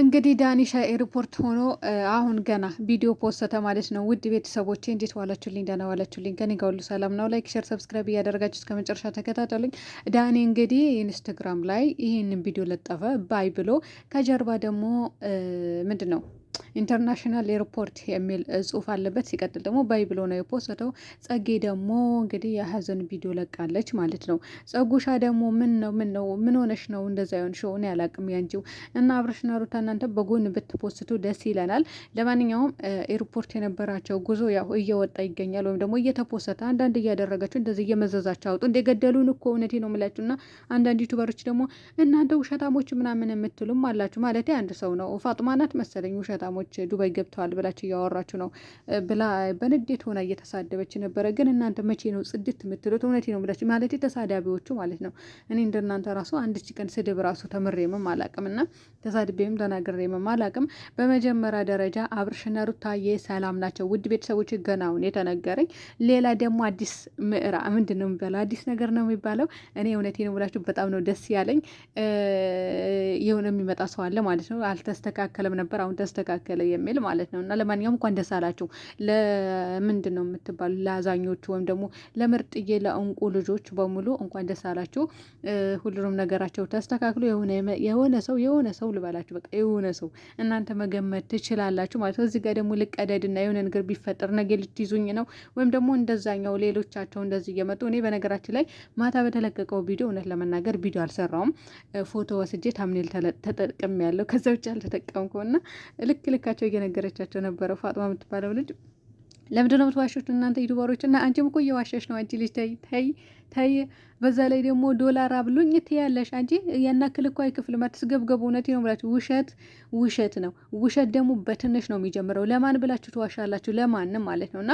እንግዲህ ዳኒሻ ኤርፖርት ሆኖ አሁን ገና ቪዲዮ ፖስተተ ማለት ነው። ውድ ቤተሰቦቼ እንዴት ዋላችሁልኝ? ደህና ዋላችሁልኝ? ከኔ ጋር ሁሉ ሰላም ነው። ላይክ፣ ሼር፣ ሰብስክራይብ እያደረጋችሁ እስከ መጨረሻ ተከታተሉኝ። ዳኒ እንግዲህ ኢንስታግራም ላይ ይህንን ቪዲዮ ለጠፈ ባይ ብሎ ከጀርባ ደግሞ ምንድን ነው ኢንተርናሽናል ኤርፖርት የሚል ጽሁፍ አለበት። ሲቀጥል ደግሞ ባይ ብሎ ነው የፖስተው። ጸጌ ደግሞ እንግዲህ የሀዘን ቪዲዮ ለቃለች ማለት ነው። ጸጉሻ ደግሞ ምን ነው ምን ነው ምን ሆነሽ ነው እንደዛ ይሆን ሸው ነው ያላቅም ያንቺው እና አብረሽና ሩታ እናንተ በጎን ብትፖስቱ ደስ ይለናል። ለማንኛውም ኤርፖርት የነበራቸው ጉዞ ያው እየወጣ ይገኛል፣ ወይም ደግሞ እየተፖሰተ አንዳንድ እያደረጋችሁ እንደዚህ እየመዘዛቸው አውጡ እንደ ገደሉን እኮ እውነቴ ነው የምላችሁ እና አንዳንድ ዩቱበሮች ደግሞ እናንተ ውሸታሞች ምናምን የምትሉም አላችሁ። ማለት አንድ ሰው ነው ፋጥማናት መሰለኝ ውሸታሞች ሰዎች ዱባይ ገብተዋል ብላቸው እያወራችሁ ነው ብላ በንዴት ሆና እየተሳደበች ነበረ። ግን እናንተ መቼ ነው ጽድት የምትሉት? እውነቴ ነው ብላችሁ ማለት ተሳዳቢዎቹ ማለት ነው። እኔ እንደናንተ ራሱ አንድ ቀን ስድብ ራሱ ተምሬምም አላቅም እና ተሳድቤም ተናግሬምም አላቅም። በመጀመሪያ ደረጃ አብርሽና ሩታዬ ሰላም ናቸው። ውድ ቤተሰቦች ገናውን የተነገረኝ ሌላ ደግሞ አዲስ ምዕራ ምንድን ነው የሚባለው? አዲስ ነገር ነው የሚባለው። እኔ እውነቴ ነው ብላችሁ በጣም ነው ደስ ያለኝ። የሆነ የሚመጣ ሰው አለ ማለት ነው። አልተስተካከለም ነበር፣ አሁን ተስተካከለ። ተከለከለ የሚል ማለት ነው። እና ለማንኛውም እንኳን ደስ አላችሁ። ለምንድን ነው የምትባሉ ለአዛኞቹ ወይም ደግሞ ለምርጥዬ ለእንቁ ልጆች በሙሉ እንኳን ደስ አላችሁ። ሁሉንም ነገራቸው ተስተካክሎ የሆነ ሰው የሆነ ሰው ልበላችሁ በቃ የሆነ ሰው እናንተ መገመት ትችላላችሁ ማለት ነው። እዚህ ጋር ደግሞ ልቀደድና የሆነ ነገር ቢፈጠር ነገ ልትይዙኝ ነው ወይም ደግሞ እንደዛኛው ሌሎቻቸው እንደዚህ እየመጡ እኔ በነገራችን ላይ ማታ በተለቀቀው ቪዲዮ እውነት ለመናገር ቪዲዮ አልሰራውም ፎቶ ወስጄ ታምኔል ተጠቅም ያለው ከዛ ውጭ አልተጠቀምኩም እና ልክ ልካቸው እየነገረቻቸው ነበረ። ፋጥማ የምትባለው ልጅ ለምንድነው የምትዋሾች እናንተ ዩቱበሮች? እና አንቺም እኮ እየዋሸሽ ነው። አንቺ ልጅ ተይ ተይ ተይ በዛ ላይ ደግሞ ዶላር አብሎኝ ትያለሽ አንቺ ያናክል እኮ አይክፍልም። አትስገብገቡ። እውነቴን ነው የምላችሁ። ውሸት ውሸት ነው። ውሸት ደግሞ በትንሽ ነው የሚጀምረው። ለማን ብላችሁ ትዋሻላችሁ? ለማንም ማለት ነው። እና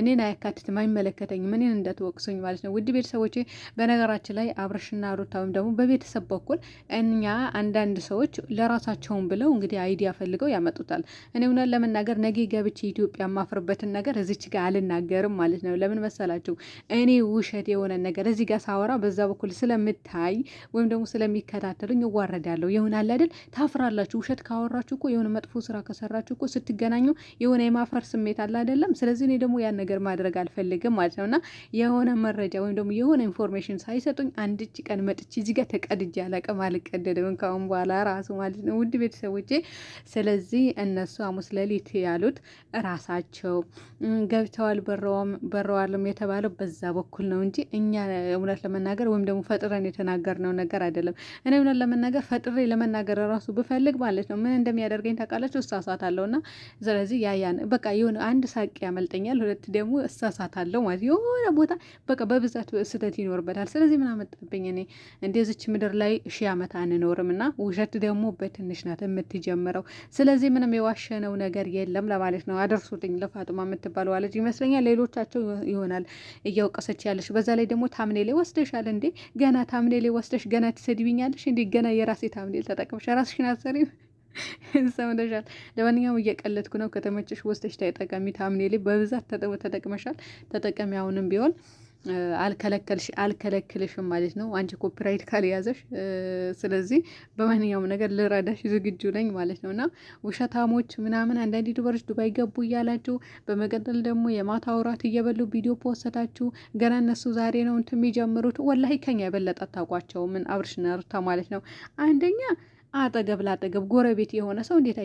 እኔን አያካትትም፣ አይመለከተኝም። እኔን እንዳትወቅሱኝ ማለት ነው። ውድ ቤተሰቦች፣ በነገራችን ላይ አብረሽና ሩታ ወይም ደግሞ በቤተሰብ በኩል እኛ አንዳንድ ሰዎች ለራሳቸውን ብለው እንግዲህ አይዲያ ፈልገው ያመጡታል። እኔ እውነት ለመናገር ነገ ገብቼ ኢትዮጵያ የማፍርበትን ነገር እዚች ጋር አልናገርም ማለት ነው። ለምን መሰላችሁ? እኔ ውሸት የሆነ ነገር እዚህ ሚዲያ ሳወራ በዛ በኩል ስለምታይ ወይም ደግሞ ስለሚከታተሉኝ እዋረዳለሁ። ይሁን አለ አይደል ታፍራላችሁ። ውሸት ካወራችሁ እኮ የሆነ መጥፎ ስራ ከሰራችሁ እኮ ስትገናኙ የሆነ የማፈር ስሜት አለ አይደለም። ስለዚህ እኔ ደግሞ ያን ነገር ማድረግ አልፈልግም ማለት ነው እና የሆነ መረጃ ወይም ደግሞ የሆነ ኢንፎርሜሽን ሳይሰጡኝ አንድች ቀን መጥቼ እዚህ ጋር ተቀድጄ አላቅም፣ አልቀደድም ከአሁን በኋላ ራሱ ማለት ነው ውድ ቤተሰቦቼ። ስለዚህ እነሱ ሐሙስ ሌሊት ያሉት ራሳቸው ገብተዋል በረዋልም የተባለው በዛ በኩል ነው እንጂ እኛ እውነት ለመናገር ወይም ደግሞ ፈጥረን የተናገርነው ነገር አይደለም። እኔ እውነት ለመናገር ፈጥሬ ለመናገር ራሱ ብፈልግ ማለት ነው ምን እንደሚያደርገኝ ታውቃለች እሳሳት አለው እና ስለዚህ ያያን በቃ የሆነ አንድ ሳቅ ያመልጠኛል፣ ሁለት ደግሞ እሳሳት አለው ማለት የሆነ ቦታ በቃ በብዛት ስህተት ይኖርበታል። ስለዚህ ምን አመጣብኝ እኔ እንደዚች ምድር ላይ ሺህ ዓመት አንኖርም እና ውሸት ደግሞ በትንሽ ናት የምትጀምረው። ስለዚህ ምንም የዋሸነው ነገር የለም ለማለት ነው። አደርሱልኝ ለፋጡማ የምትባለው አለች ይመስለኛል። ሌሎቻቸው ይሆናል እያወቀሰች ያለች። በዛ ላይ ደግሞ ታምኔ ወስደሻል እንዴ? ገና ታምኔል ወስደሽ ገና ትሰድብኛለሽ እንዴ? ገና የራሴ ታምኔል ተጠቅምሽ ራስሽን አሰሪም ሰምተሻል። ለማንኛውም እየቀለድኩ ነው። ከተመቸሽ ወስደሽ ታይጠቀሚ ታምኔሌ በብዛት ተጠቅመሻል። ተጠቀሚ አሁንም ቢሆን አልከለክልሽም ማለት ነው። አንቺ ኮፒራይት ካልያዘሽ፣ ስለዚህ በማንኛውም ነገር ልረዳሽ ዝግጁ ነኝ ማለት ነው። እና ውሸታሞች ምናምን አንዳንድ ዩቱበሮች ዱባይ ገቡ እያላችሁ በመቀጠል ደግሞ የማታ ውራት እየበሉ ቪዲዮ ፖሰታችሁ። ገና እነሱ ዛሬ ነው እንትን የሚጀምሩት። ወላሂ ከኛ የበለጠ አታውቋቸው። ምን አብርሽና ሩታ ማለት ነው አንደኛ አጠገብ ላጠገብ ጎረቤት የሆነ ሰው እንዴት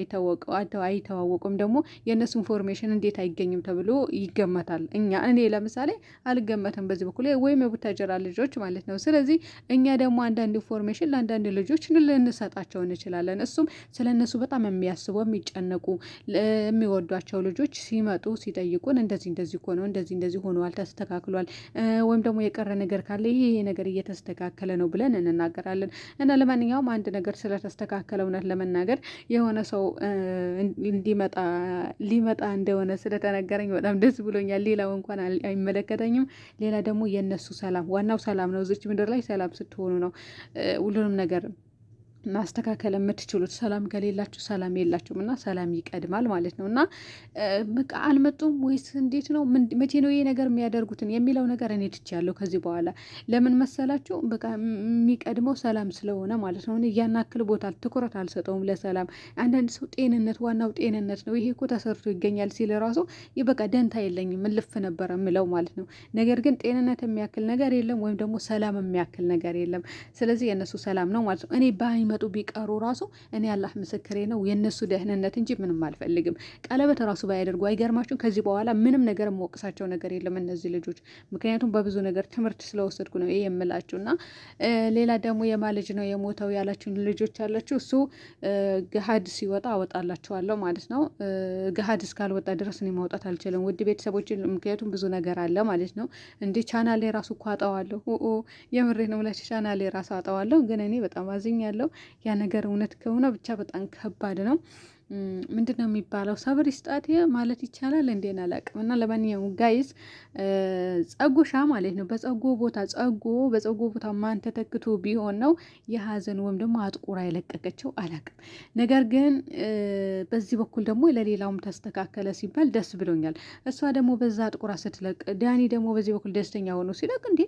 አይተዋወቁም? ደግሞ የእነሱ ኢንፎርሜሽን እንዴት አይገኝም ተብሎ ይገመታል። እኛ እኔ ለምሳሌ አልገመትም በዚህ በኩል ወይም የቡታጀራ ልጆች ማለት ነው። ስለዚህ እኛ ደግሞ አንዳንድ ኢንፎርሜሽን ለአንዳንድ ልጆች ልንሰጣቸው እንችላለን። እሱም ስለ እነሱ በጣም የሚያስቡ የሚጨነቁ የሚወዷቸው ልጆች ሲመጡ ሲጠይቁን እንደዚህ እንደዚህ ሆነው እንደዚህ እንደዚህ ሆነዋል ተስተካክሏል፣ ወይም ደግሞ የቀረ ነገር ካለ ይሄ ነገር እየተስተካከለ ነው ብለን እንናገራለን እና ለማንኛውም አንድ ነገር ስለተስ ያስተካከለ እውነት ለመናገር የሆነ ሰው እንዲመጣ ሊመጣ እንደሆነ ስለተነገረኝ በጣም ደስ ብሎኛል። ሌላው እንኳን አይመለከተኝም። ሌላ ደግሞ የእነሱ ሰላም፣ ዋናው ሰላም ነው። እዚች ምድር ላይ ሰላም ስትሆኑ ነው ሁሉንም ነገር ማስተካከል የምትችሉት ሰላም ከሌላችሁ ሰላም የላችሁም፣ እና ሰላም ይቀድማል ማለት ነው። እና በቃ አልመጡም ወይስ እንዴት ነው? መቼ ነው ይሄ ነገር የሚያደርጉትን የሚለው ነገር እኔ ትቼያለሁ። ከዚህ በኋላ ለምን መሰላችሁ? በቃ የሚቀድመው ሰላም ስለሆነ ማለት ነው። ያን ክል ቦታ ትኩረት አልሰጠውም ለሰላም። አንዳንድ ሰው ጤንነት ዋናው ጤንነት ነው፣ ይሄ እኮ ተሰርቶ ይገኛል ሲል ራሱ በቃ ደንታ የለኝም እልፍ ነበረ ምለው ማለት ነው። ነገር ግን ጤንነት የሚያክል ነገር የለም፣ ወይም ደግሞ ሰላም የሚያክል ነገር የለም። ስለዚህ የእነሱ ሰላም ነው ማለት ነው እኔ ሳይመጡ ቢቀሩ ራሱ እኔ አላህ ምስክሬ ነው የእነሱ ደህንነት እንጂ ምንም አልፈልግም። ቀለበት ራሱ ባያደርጉ አይገርማችሁም? ከዚህ በኋላ ምንም ነገር መወቅሳቸው ነገር የለም እነዚህ ልጆች፣ ምክንያቱም በብዙ ነገር ትምህርት ስለወሰድኩ ነው ይሄ የምላችሁ። እና ሌላ ደግሞ የማ ልጅ ነው የሞተው ያላችሁን ልጆች ያላችሁ እሱ ገሀድ ሲወጣ አወጣላችኋለሁ ማለት ነው። ገሀድ እስካልወጣ ድረስ እኔ ማውጣት አልችልም ውድ ቤተሰቦች፣ ምክንያቱም ብዙ ነገር አለ ማለት ነው። እንዲህ ቻናሌ ራሱ እኮ አጠዋለሁ። የምሬ ነው ላችሁ ቻናሌ ራሱ አጠዋለሁ። ግን እኔ በጣም አዝኛለሁ። ያ ነገር እውነት ከሆነ ብቻ በጣም ከባድ ነው። ምንድን ነው የሚባለው? ሰብር ይስጣት ማለት ይቻላል እንዴን አላቅም። እና ለማንኛውም ጋይስ ጸጉሻ ማለት ነው። በጸጎ ቦታ ጸጎ በጸጎ ቦታ ማን ተተክቶ ቢሆን ነው የሀዘን ወይም ደግሞ አጥቁራ የለቀቀችው አላቅም። ነገር ግን በዚህ በኩል ደግሞ ለሌላውም ተስተካከለ ሲባል ደስ ብሎኛል። እሷ ደግሞ በዛ አጥቁራ ስትለቅ፣ ዳኒ ደግሞ በዚህ በኩል ደስተኛ ሆኖ ሲለቅ፣ እንዴ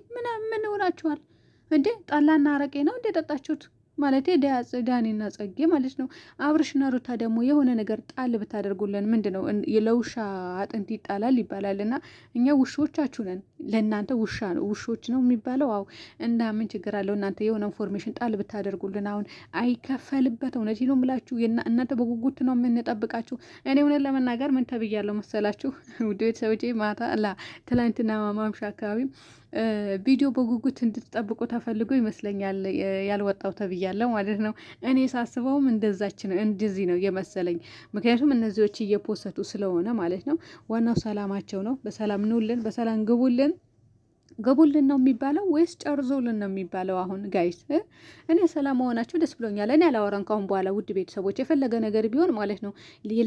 ምን ሆናችኋል እንዴ? ጠላና አረቄ ነው እንዴ ጠጣችሁት? ማለት ዳኔና ጸጌ ማለት ነው። አብርሽና ሩታ ደግሞ የሆነ ነገር ጣል ብታደርጉልን ምንድን ነው ለውሻ አጥንት ይጣላል ይባላል እና እኛ ውሾቻችሁ ነን። ለእናንተ ውሻ ነው ውሾች ነው የሚባለው። አው እና ምን ችግር አለው? እናንተ የሆነ ኢንፎርሜሽን ጣል ብታደርጉልን አሁን አይከፈልበት። እውነት ነው ምላችሁ እናንተ በጉጉት ነው የምንጠብቃችሁ። እኔ እውነት ለመናገር ምን ተብያለሁ መሰላችሁ? ውድ ቤተሰቦቼ ማታ ላ ትላንትና ማምሻ አካባቢ ቪዲዮ በጉጉት እንድትጠብቁ ተፈልጎ ይመስለኛል ያልወጣው ተብያለሁ ማለት ነው። እኔ ሳስበውም እንደዛች ነው እንደዚህ ነው የመሰለኝ። ምክንያቱም እነዚዎች እየፖሰቱ ስለሆነ ማለት ነው። ዋናው ሰላማቸው ነው። በሰላም ኑልን፣ በሰላም ግቡልን ገቡልን ነው የሚባለው ወይስ ጨርዞልን ነው የሚባለው? አሁን ጋይስ እኔ ሰላም መሆናቸው ደስ ብሎኛል። እኔ አላወራን ካሁን በኋላ ውድ ቤተሰቦች፣ የፈለገ ነገር ቢሆን ማለት ነው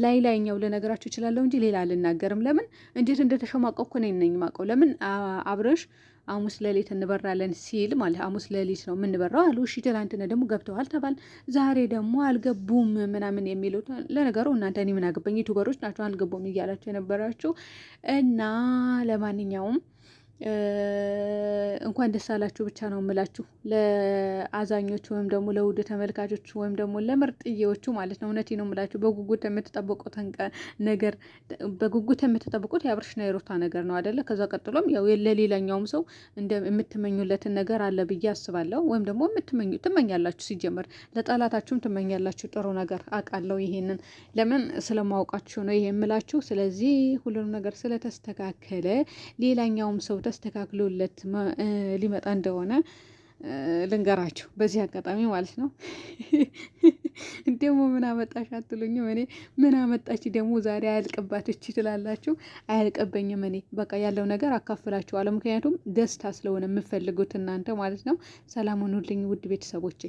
ላይ ላይኛው ልነግራችሁ እችላለሁ እንጂ ሌላ አልናገርም። ለምን እንዴት እንደተሸማቀኩ እኔ ነኝ ማቀው። ለምን አብረሽ አሙስ ሌሊት እንበራለን ሲል ማለት አሙስ ሌሊት ነው የምንበራው አሉ። እሺ ትላንትና ደግሞ ገብተዋል ተባል፣ ዛሬ ደግሞ አልገቡም ምናምን የሚሉት ለነገሩ እናንተ እኔ ምን አገባኝ ዩቱበሮች ናቸው አልገቡም እያላቸው የነበራችሁ እና ለማንኛውም እንኳን ደስ አላችሁ ብቻ ነው የምላችሁ ለአዛኞቹ ወይም ደግሞ ለውድ ተመልካቾች ወይም ደግሞ ለምርጥዬዎቹ ማለት ነው። እውነቴን ነው የምላችሁ በጉጉት የምትጠብቁት ነገር በጉጉት የምትጠብቁት የአብርሽና የሩታ ነገር ነው አደለ? ከዛ ቀጥሎም ያው ለሌላኛውም ሰው የምትመኙለትን ነገር አለ ብዬ አስባለሁ። ወይም ደግሞ የምትመኙ ትመኛላችሁ፣ ሲጀምር ለጠላታችሁም ትመኛላችሁ ጥሩ ነገር አውቃለሁ። ይሄንን ለምን ስለማውቃችሁ ነው ይሄ የምላችሁ። ስለዚህ ሁሉንም ነገር ስለተስተካከለ ሌላኛውም ሰው ተስተካክሎለት ሊመጣ እንደሆነ ልንገራችሁ በዚህ አጋጣሚ ማለት ነው። ደግሞ ምን አመጣሽ አትሉኝም? እኔ ምን አመጣች ደግሞ ዛሬ አያልቅባት ትላላችሁ። አያልቅብኝም። እኔ በቃ ያለው ነገር አካፍላችኋለሁ። ምክንያቱም ደስታ ስለሆነ የምፈልጉት እናንተ ማለት ነው። ሰላም ሁኑልኝ ውድ ቤተሰቦቼ።